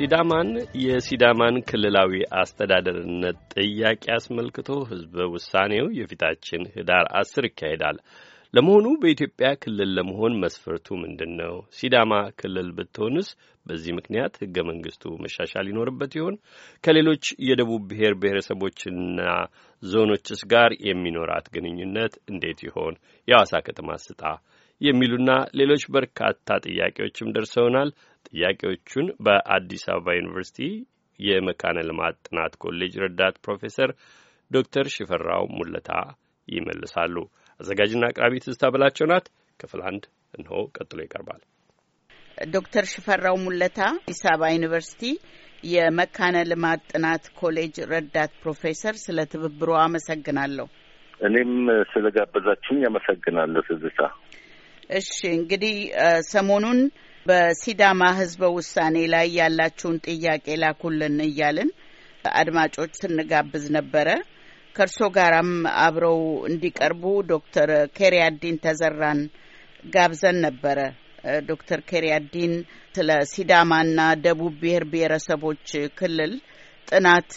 ሲዳማን የሲዳማን ክልላዊ አስተዳደርነት ጥያቄ አስመልክቶ ህዝበ ውሳኔው የፊታችን ህዳር አስር ይካሄዳል። ለመሆኑ በኢትዮጵያ ክልል ለመሆን መስፈርቱ ምንድን ነው? ሲዳማ ክልል ብትሆንስ በዚህ ምክንያት ህገ መንግስቱ መሻሻል ይኖርበት ይሆን? ከሌሎች የደቡብ ብሔር ብሔረሰቦችና ዞኖችስ ጋር የሚኖራት ግንኙነት እንዴት ይሆን? የሐዋሳ ከተማ ስጣ የሚሉና ሌሎች በርካታ ጥያቄዎችም ደርሰውናል። ጥያቄዎቹን በአዲስ አበባ ዩኒቨርሲቲ የመካነ ልማት ጥናት ኮሌጅ ረዳት ፕሮፌሰር ዶክተር ሽፈራው ሙለታ ይመልሳሉ። አዘጋጅና አቅራቢ ትዝታ በላቸው ናት። ክፍል አንድ እንሆ ቀጥሎ ይቀርባል። ዶክተር ሽፈራው ሙለታ አዲስ አበባ ዩኒቨርሲቲ የመካነ ልማት ጥናት ኮሌጅ ረዳት ፕሮፌሰር፣ ስለ ትብብሮ አመሰግናለሁ። እኔም ስለ ጋበዛችሁኝ አመሰግናለሁ ትዝታ። እሺ እንግዲህ ሰሞኑን በሲዳማ ህዝበ ውሳኔ ላይ ያላችሁን ጥያቄ ላኩልን እያልን አድማጮች ስንጋብዝ ነበረ። ከእርሶ ጋራም አብረው እንዲቀርቡ ዶክተር ኬሪያዲን ተዘራን ጋብዘን ነበረ። ዶክተር ኬሪያዲን ስለ ሲዳማና ደቡብ ብሔር ብሔረሰቦች ክልል ጥናት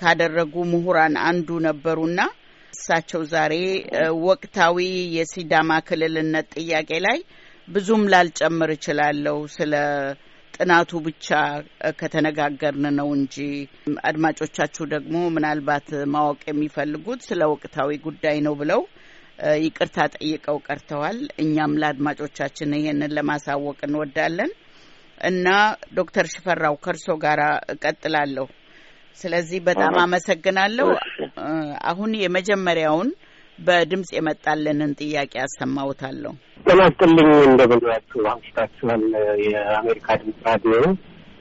ካደረጉ ምሁራን አንዱ ነበሩና እሳቸው ዛሬ ወቅታዊ የሲዳማ ክልልነት ጥያቄ ላይ ብዙም ላልጨምር እችላለሁ ስለ ጥናቱ ብቻ ከተነጋገርን ነው እንጂ አድማጮቻችሁ ደግሞ ምናልባት ማወቅ የሚፈልጉት ስለ ወቅታዊ ጉዳይ ነው ብለው ይቅርታ ጠይቀው ቀርተዋል። እኛም ለአድማጮቻችን ይህንን ለማሳወቅ እንወዳለን እና ዶክተር ሽፈራው ከእርሶ ጋር እቀጥላለሁ። ስለዚህ በጣም አመሰግናለሁ። አሁን የመጀመሪያውን በድምፅ የመጣልንን ጥያቄ አሰማውታለሁ። ጥናትልኝ ይስጥልኝ እንደምንላችሁ አምሽታችኋል። የአሜሪካ ድምፅ ራዲዮ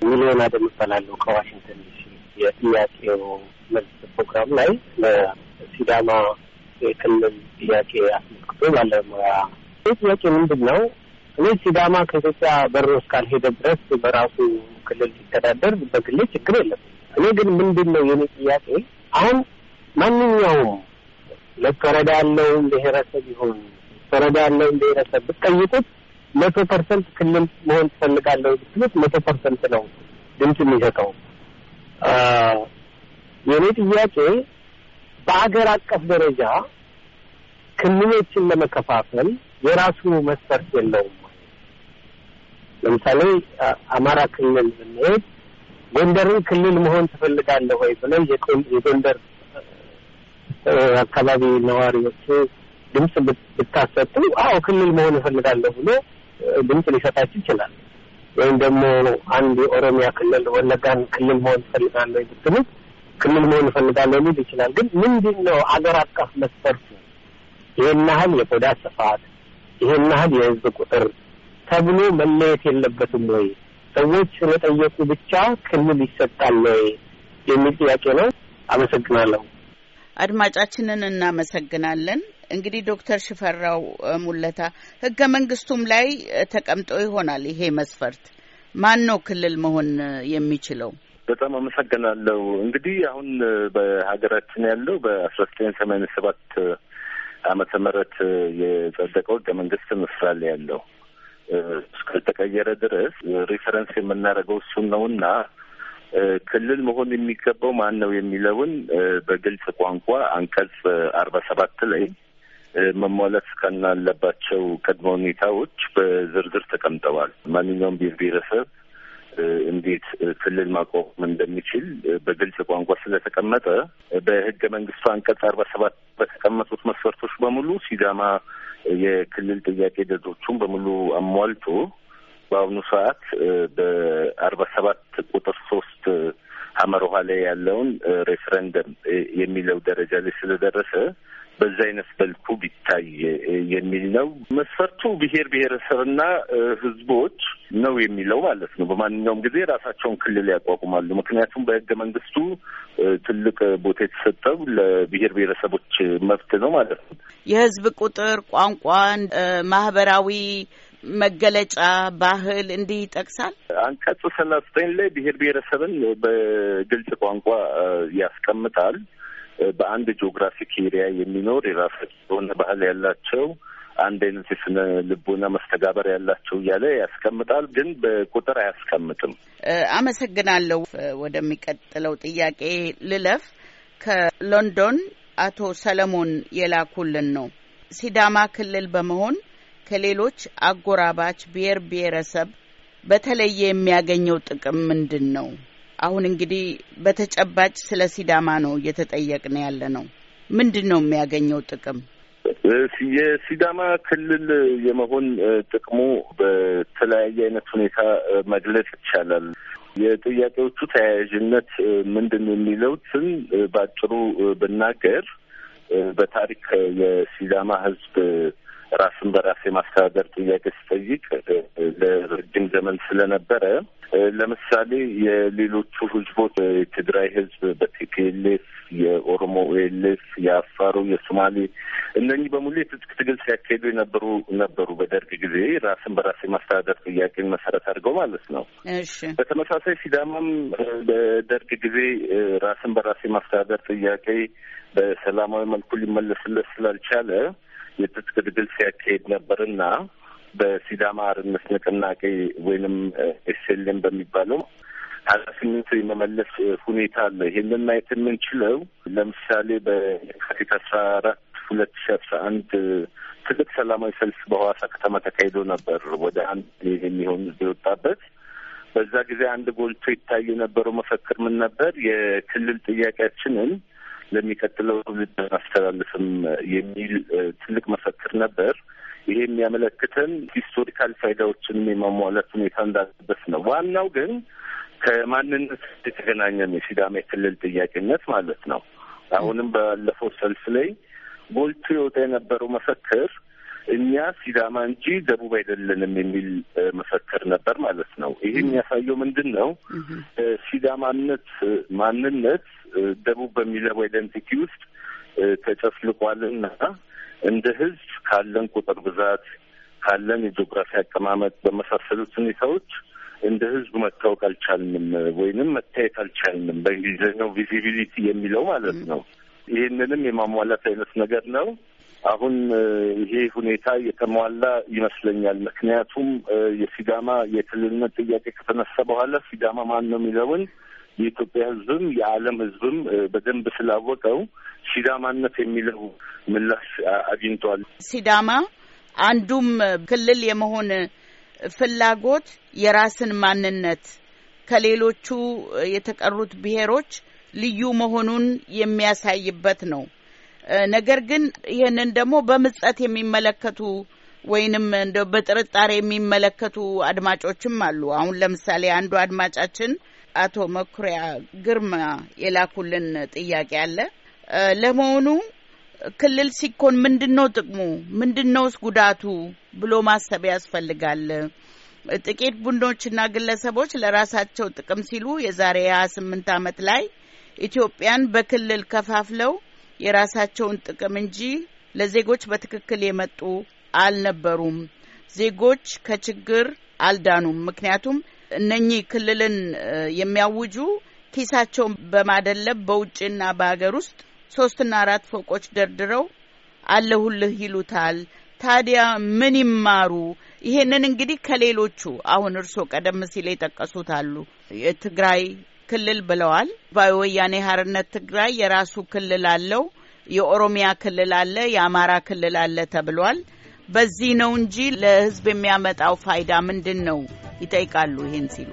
ሚሊዮን አደም እባላለሁ ከዋሽንግተን ዲሲ። የጥያቄው መልስ ፕሮግራም ላይ ለሲዳማ የክልል ጥያቄ አስመልክቶ ባለሙያ ይህ ጥያቄ ምንድን ነው? እኔ ሲዳማ ከኢትዮጵያ በሮ እስካልሄደ ድረስ በራሱ ክልል ሊተዳደር በግሌ ችግር የለም እኔ ግን ምንድን ነው የኔ ጥያቄ አሁን ማንኛውም ለተረዳ ያለውን ብሔረሰብ ይሁን ተረዳ ያለውን ብሔረሰብ ብትጠይቁት መቶ ፐርሰንት ክልል መሆን ትፈልጋለሁ ብትሉት መቶ ፐርሰንት ነው ድምፅ የሚሰጠው። የእኔ ጥያቄ በአገር አቀፍ ደረጃ ክልሎችን ለመከፋፈል የራሱ መስፈርት የለውም። ለምሳሌ አማራ ክልል ብንሄድ ጎንደርን ክልል መሆን ትፈልጋለህ ወይ ብለን የጎንደር አካባቢ ነዋሪዎች ድምፅ ብታሰጡ አዎ ክልል መሆን እፈልጋለሁ ብሎ ድምፅ ሊሰጣችሁ ይችላል። ወይም ደግሞ አንድ የኦሮሚያ ክልል ወለጋን ክልል መሆን እፈልጋለሁ ብትሉ ክልል መሆን እፈልጋለሁ ሊል ይችላል። ግን ምንድን ነው አገር አቀፍ መስፈርቱ? ይሄን ያህል የቆዳ ስፋት፣ ይሄን ያህል የህዝብ ቁጥር ተብሎ መለየት የለበትም ወይ? ሰዎች ስለጠየቁ ብቻ ክልል ይሰጣል ወይ የሚል ጥያቄ ነው። አመሰግናለሁ። አድማጫችንን እናመሰግናለን። እንግዲህ ዶክተር ሽፈራው ሙለታ ህገ መንግስቱም ላይ ተቀምጦ ይሆናል ይሄ መስፈርት። ማን ነው ክልል መሆን የሚችለው? በጣም አመሰግናለሁ። እንግዲህ አሁን በሀገራችን ያለው በአስራ ዘጠኝ ሰማንያ ሰባት አመተ ምህረት የጸደቀው ህገ መንግስት ምስራል ላይ ያለው እስካልተቀየረ ድረስ ሪፈረንስ የምናደርገው እሱን ነው እና ክልል መሆን የሚገባው ማን ነው የሚለውን በግልጽ ቋንቋ አንቀጽ አርባ ሰባት ላይ መሟላት እስካናለባቸው ቅድመ ሁኔታዎች በዝርዝር ተቀምጠዋል። ማንኛውም ብሔር ብሔረሰብ እንዴት ክልል ማቋቋም እንደሚችል በግልጽ ቋንቋ ስለተቀመጠ በህገ መንግስቱ አንቀጽ አርባ ሰባት በተቀመጡት መስፈርቶች በሙሉ ሲዳማ የክልል ጥያቄ ደዶቹን በሙሉ አሟልቶ በአሁኑ ሰዓት በአርባ ሰባት ቁጥር ሶስት ሀመር ውሃ ላይ ያለውን ሬፍረንደም የሚለው ደረጃ ላይ ስለደረሰ በዛ አይነት መልኩ ቢታይ የሚል ነው። መስፈርቱ ብሔር ብሔረሰብና ህዝቦች ነው የሚለው ማለት ነው። በማንኛውም ጊዜ ራሳቸውን ክልል ያቋቁማሉ። ምክንያቱም በህገ መንግስቱ ትልቅ ቦታ የተሰጠው ለብሔር ብሔረሰቦች መብት ነው ማለት ነው። የህዝብ ቁጥር፣ ቋንቋን፣ ማህበራዊ መገለጫ ባህል እንዲህ ይጠቅሳል። አንቀጽ ሰላሳ ዘጠኝ ላይ ብሔር ብሔረሰብን በግልጽ ቋንቋ ያስቀምጣል። በአንድ ጂኦግራፊክ ኤሪያ የሚኖር የራሳቸው የሆነ ባህል ያላቸው አንድ አይነት የስነ ልቦና መስተጋበር ያላቸው እያለ ያስቀምጣል፣ ግን በቁጥር አያስቀምጥም። አመሰግናለሁ። ወደሚቀጥለው ጥያቄ ልለፍ። ከሎንዶን አቶ ሰለሞን የላኩልን ነው። ሲዳማ ክልል በመሆን ከሌሎች አጎራባች ብሔር ብሔረሰብ በተለየ የሚያገኘው ጥቅም ምንድን ነው? አሁን እንግዲህ በተጨባጭ ስለ ሲዳማ ነው እየተጠየቅን ያለ ነው። ምንድን ነው የሚያገኘው ጥቅም? የሲዳማ ክልል የመሆን ጥቅሙ በተለያየ አይነት ሁኔታ መግለጽ ይቻላል። የጥያቄዎቹ ተያያዥነት ምንድን የሚለውትን በአጭሩ ብናገር በታሪክ የሲዳማ ሕዝብ ራስን በራስ የማስተዳደር ጥያቄ ሲጠይቅ ለረጅም ዘመን ስለነበረ ለምሳሌ የሌሎቹ ህዝቦች የትግራይ ህዝብ በቲፒኤልኤፍ፣ የኦሮሞ ኤልኤፍ፣ የአፋሩ፣ የሶማሌ እነኚህ በሙሉ የትጥቅ ትግል ሲያካሄዱ የነበሩ ነበሩ በደርግ ጊዜ ራስን በራስ የማስተዳደር ጥያቄን መሰረት አድርገው ማለት ነው። በተመሳሳይ ሲዳማም በደርግ ጊዜ ራስን በራስ የማስተዳደር ጥያቄ በሰላማዊ መልኩ ሊመለስለት ስላልቻለ የትጥቅ ትግል ሲያካሄድ ነበርና በሲዳማ አርነት ንቅናቄ ወይንም ኤስኤልኤም በሚባለው ኃላፊነት የመመለስ ሁኔታ አለ። ይሄንን ማየት የምንችለው ለምሳሌ በየካቲት አስራ አራት ሁለት ሺ አስራ አንድ ትልቅ ሰላማዊ ሰልፍ በሐዋሳ ከተማ ተካሂዶ ነበር። ወደ አንድ የሚሆን የወጣበት በዛ ጊዜ አንድ ጎልቶ ይታይ የነበረው መፈክር ምን ነበር? የክልል ጥያቄያችንን ለሚቀጥለው ትውልድ አስተላልፍም የሚል ትልቅ መፈክር ነበር። ይሄ የሚያመለክተን ሂስቶሪካል ፋይዳዎችንም የማሟላት ሁኔታ እንዳለበት ነው። ዋናው ግን ከማንነት የተገናኘ የሲዳማ የክልል ጥያቄነት ማለት ነው። አሁንም ባለፈው ሰልፍ ላይ ጎልቶ የወጣ የነበረው መፈክር እኛ ሲዳማ እንጂ ደቡብ አይደለንም የሚል መፈክር ነበር ማለት ነው። ይህ የሚያሳየው ምንድን ነው? ሲዳማነት ማንነት ደቡብ በሚለው አይደንቲቲ ውስጥ ተጨፍልቋልና እንደ ህዝብ ካለን ቁጥር ብዛት ካለን የጂኦግራፊ አቀማመጥ በመሳሰሉት ሁኔታዎች እንደ ህዝብ መታወቅ አልቻልንም፣ ወይንም መታየት አልቻልንም። በእንግሊዝኛው ቪዚቢሊቲ የሚለው ማለት ነው። ይህንንም የማሟላት አይነት ነገር ነው። አሁን ይሄ ሁኔታ የተሟላ ይመስለኛል። ምክንያቱም የሲዳማ የክልልነት ጥያቄ ከተነሳ በኋላ ሲዳማ ማን ነው የሚለውን የኢትዮጵያ ሕዝብም የዓለም ሕዝብም በደንብ ስላወቀው ሲዳማነት የሚለው ምላሽ አግኝቷል። ሲዳማ አንዱም ክልል የመሆን ፍላጎት የራስን ማንነት ከሌሎቹ የተቀሩት ብሔሮች ልዩ መሆኑን የሚያሳይበት ነው። ነገር ግን ይህንን ደግሞ በምጸት የሚመለከቱ ወይንም እንደ በጥርጣሬ የሚመለከቱ አድማጮችም አሉ። አሁን ለምሳሌ አንዱ አድማጫችን አቶ መኩሪያ ግርማ የላኩልን ጥያቄ አለ። ለመሆኑ ክልል ሲኮን ምንድን ነው ጥቅሙ? ምንድን ነውስ ጉዳቱ ብሎ ማሰብ ያስፈልጋል። ጥቂት ቡድኖችና ግለሰቦች ለራሳቸው ጥቅም ሲሉ የዛሬ ሀያ ስምንት ዓመት ላይ ኢትዮጵያን በክልል ከፋፍለው የራሳቸውን ጥቅም እንጂ ለዜጎች በትክክል የመጡ አልነበሩም። ዜጎች ከችግር አልዳኑም። ምክንያቱም እነኚህ ክልልን የሚያውጁ ኪሳቸውን በማደለብ በውጭና በሀገር ውስጥ ሶስትና አራት ፎቆች ደርድረው አለሁልህ ይሉታል። ታዲያ ምን ይማሩ? ይሄንን እንግዲህ ከሌሎቹ አሁን እርስዎ ቀደም ሲል የጠቀሱት አሉ የትግራይ ክልል ብለዋል። ወያኔ ሀርነት ትግራይ የራሱ ክልል አለው፣ የኦሮሚያ ክልል አለ፣ የአማራ ክልል አለ ተብሏል። በዚህ ነው እንጂ ለህዝብ የሚያመጣው ፋይዳ ምንድን ነው ይጠይቃሉ። ይህን ሲሉ